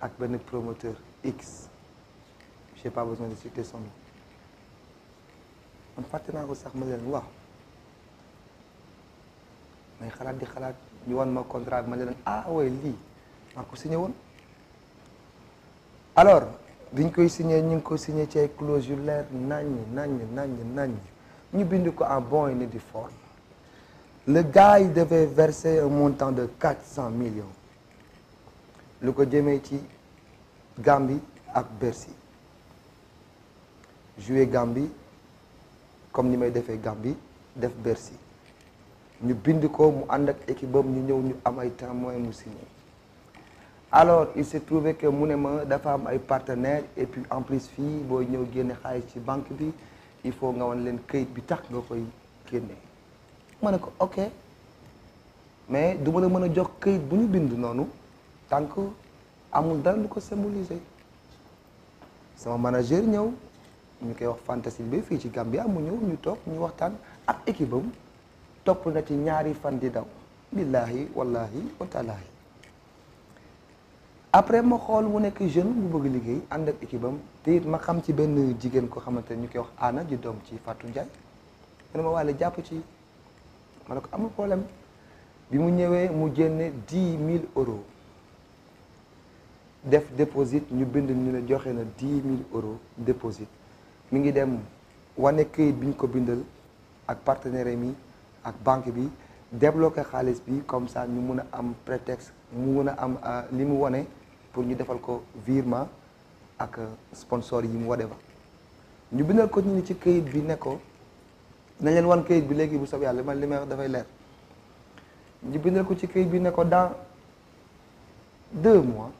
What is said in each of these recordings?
avec le promoteur X Je n'ai pas besoin de citer son nom Je partenariat ma contrat ah oui, lui, je alors biñ koy signé ci ay en bon et de forme le gars devait verser un montant de 400 millions lu ko jëmee ci Gambie ak Bercy jouer Gambie comme ni may defee Gambie def Bercy ñu bind ko mu ànd ak équipe bam ñu ñëw ñu am ay témoin mu signé alors il s'est trouvé que mu ne ma dafa ay partenaires et puis en plus fii boo ñëw génne xaalis ci banque bi il faut nga wan leen këyit bi tax nga koy génne ma ko ok mais du ma la mën a jox këyit bu ñu bind noonu que amul dara lu ko symboliser sama manager ñew ñu koy wax fantasy bi fi ci Gambia mu ñew ñu tok ñu waxtan ak équipe bu top na ci ñaari fan di daw billahi wallahi wa ta'ala après mo xol mu nek jeune bu bëgg liggéey and ak équipe bam té it ma xam ci benn jigen ko xamanteni ñu koy wax ana di dom ci Fatou ma walé japp ci amul problème bi mu ñëwé mu 10000 euros def déposite ñu bind ñu ne joxe na dix mille euros déposite mu ngi dem wane kayit bi ñu ko bindal ak partenaire mi ak banque bi débloqué xaalis bi comme ça ñu mun a am prétexte mu mun a am euh, li mu wane pour ñu defal ko virement ak sponsor yi mu wane ba ñu bindal ko ñu ni ci këyit bi ne ko nañ leen wan kayit bi léegi bu soobee yàlla man li may dafay leer ñu bindal ko ci kayit bi ne ko dans deux mois.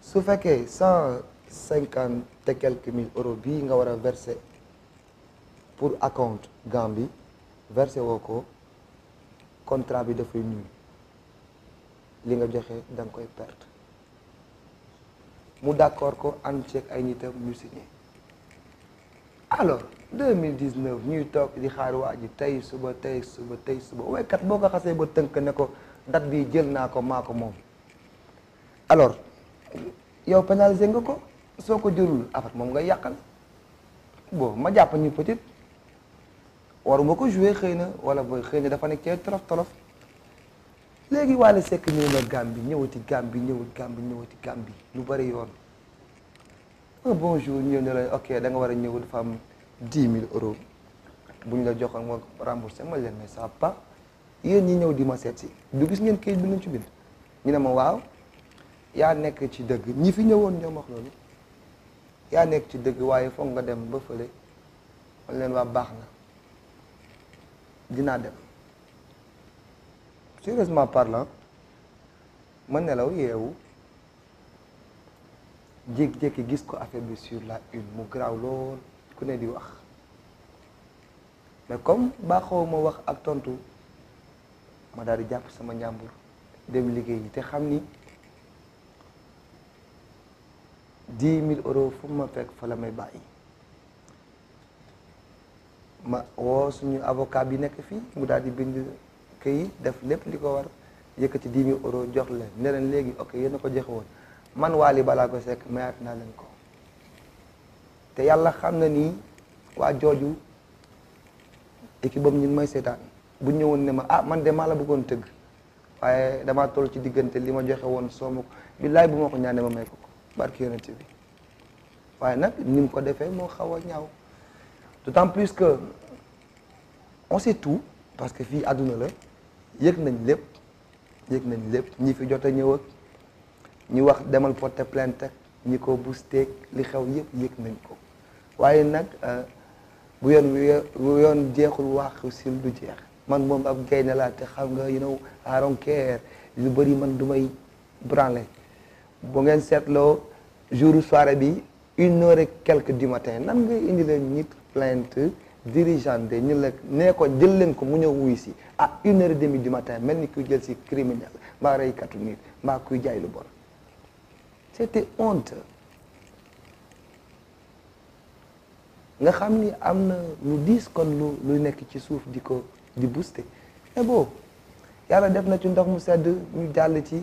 su fekkee cent cinquante et quelques mille euros bi nga wara verser pour account Gambie verser woko contrat bi dafay nul li nga joxé dang koy perdre. mu d'accord ko ànd ceeg ay nitam ñu signé alors 2019 ñuy tok di xaar waaji tay suba tay suba tay suba waykat kat ko xasse ba teunk ne ko date bi jël naa ko maa ko alors yow penal nga ko soko ko jëlul mom nga yakal bo ma japp ñu petit waru mako ko jouer xeyna wala boy xeyna dafa ne ci trop trop legui wala sek ni na gambi ñëwati gambi ñëwati gambi ñëwati gambi lu bari yoon un bonjour jour ne la ok da nga wara ñewul fam 10000 am dix euros bu la joxoon nga rembourser ma len mais ça pas yeen ñi ñew di ma setti du gis ngeen kayit bi ñu ci bind ñina ma waw ya nek ci deug ñi fi ñewoon ñom wax loolu ya nek ci deug waye fo nga dem ba feulé wal leen wa baax na dinaa dem sérieusement parlant ne law yewu jek jek gis ko affaire bi sur la une mu graw lool ku ne di wax mais comme ma wax ak tontu ma daal di sama njàmbur dem liggéey te xam dix mille euros fu ma fekk fa la may bàyyi ma woo suñu avocat bi nekk fii mu daal di bind këyit def lépp li ko war yëkkati dix mille euros jox leen neleen léegi ok yéen ko joxe woon man Wally Ballago Seck mayaat naa leen ko te yàlla xam na ni waa jooju équipe bam ñun may seetaan bu ñëwoon ne ma ah man de maa la bëggoon tëgg waaye damaa toll ci diggante li ma joxe woon soo ma ko billaay bu ma ko ñaanee ma may ko barke yonent bi waaye nag ni mu ko defee moo xaw a ñaaw d'autant plus que on sait tout parce que fii àdduna la yëg nañ lépp yëg nañ lépp ñi fi jot a ñëw ak ñi wax demal porter plainte ak ñi ko boosteeg li xew yëpp yëg nañ ko waaye nag euh, bu yoon bu yoon jeexul wax sil du jeex man moom ab gaynde laa te xam nga you know I don't care yu bëri man du may branler bu ngeen seetloo jour soirée bi une heure et quelque du matin nan nga indi la nit plainte dirigeante de ñu la nee ko jël leen ko mu ñëw wuy si à une heure et demie du matin mel ni kuy jël si criminel mbaa reykatu nit mbaa kuy jaay lu bon c'était honte nga xam ni am na lu diis kon lu lu nekk ci suuf di ko di booster mais bon yàlla def na ci ndox mu sedd ñu jàll ci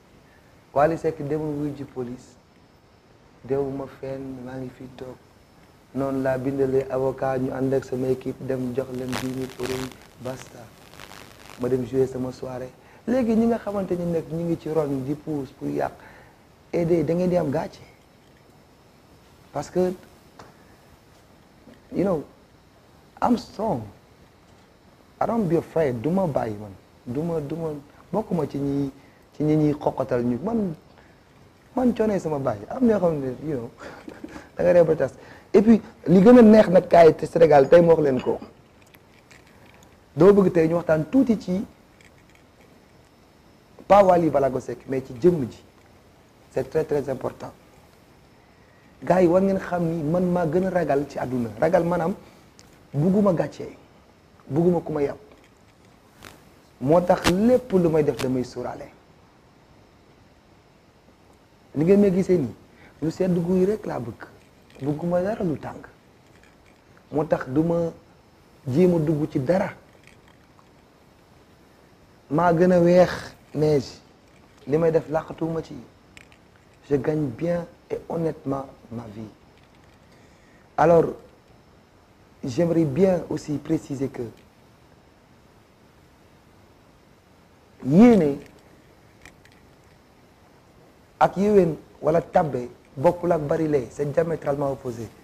Wally Seck demul wuy ji police dewuma fenn maa ngi fi toog noonu laa bindalee avocat ñu ànd samay kiit dem jox leen dix mille euros basta ma dem jouer sama soirée léegi ñi nga xamante ni nag ñu ngi ci ron di pousse pour yàq aidé eh, da di am gàcce parce que you know I'm strong I don't be afraid du ma bàyyi man du ma du ma ci ñi ci ñi ñuy xoqatal ñu man man coonee sama bàyyi am ñoo xam ne you know da nga reba li gën a neex nag kaay te Sénégal leen ko doo bëgg tey ñu waxtaan tuuti ci pas Wally Ballago Seck mais ci jëmm ji c'est très très important gars yi war ngeen xam ni man maa gën a ragal ci àdduna ragal maanaam bugguma gàccee bugguma ku ma yàpp moo tax lépp lu may def damay suuraale ni ngeen may gisee nii lu sedd guy rek laa bëgg bëgguma dara lu tàng moo tax du ma dugg ci dara maa gën a weex neige def làqatuuma ci je gagne bien et honnêtement ma vie alors j'aimerais bien aussi préciser que yéene ak yéwén wala tabbe bokkul ak bari lay c'est diamétralement opposé